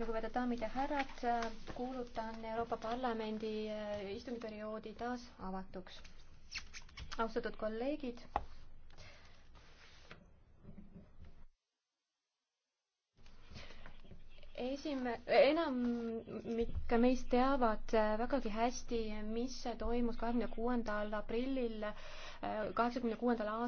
lugupeetud daamid ja härrad, kuulutan Euroopa Parlamendi äh, istungiperioodi taas avatuks. austatud kolleegid. esime-, enamik meist teavad äh, vägagi hästi, mis toimus kahekümne kuuendal aprillil äh, kaheksakümne kuuendal aastal.